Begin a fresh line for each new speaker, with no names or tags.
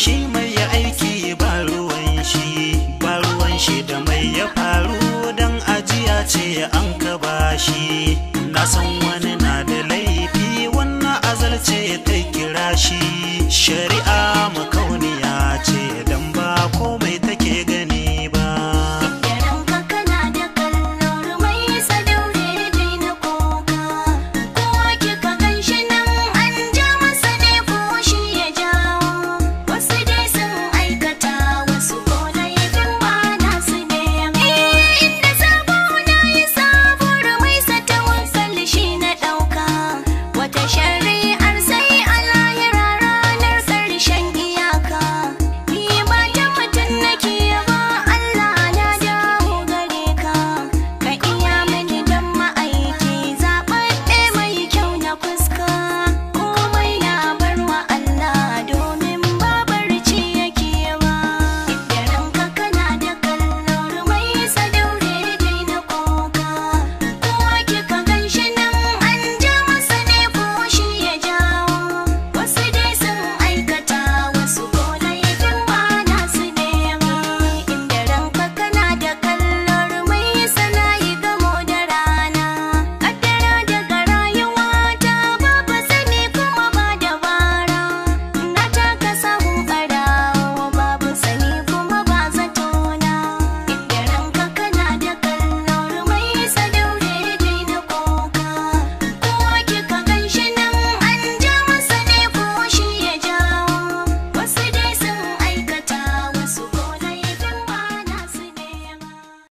shi mai aiki ba ruwan shi ba ruwan shi da mai ya faru dan ajiya ce an ka shi na san wani na da laifi wannan azalce ta kira shi shari'a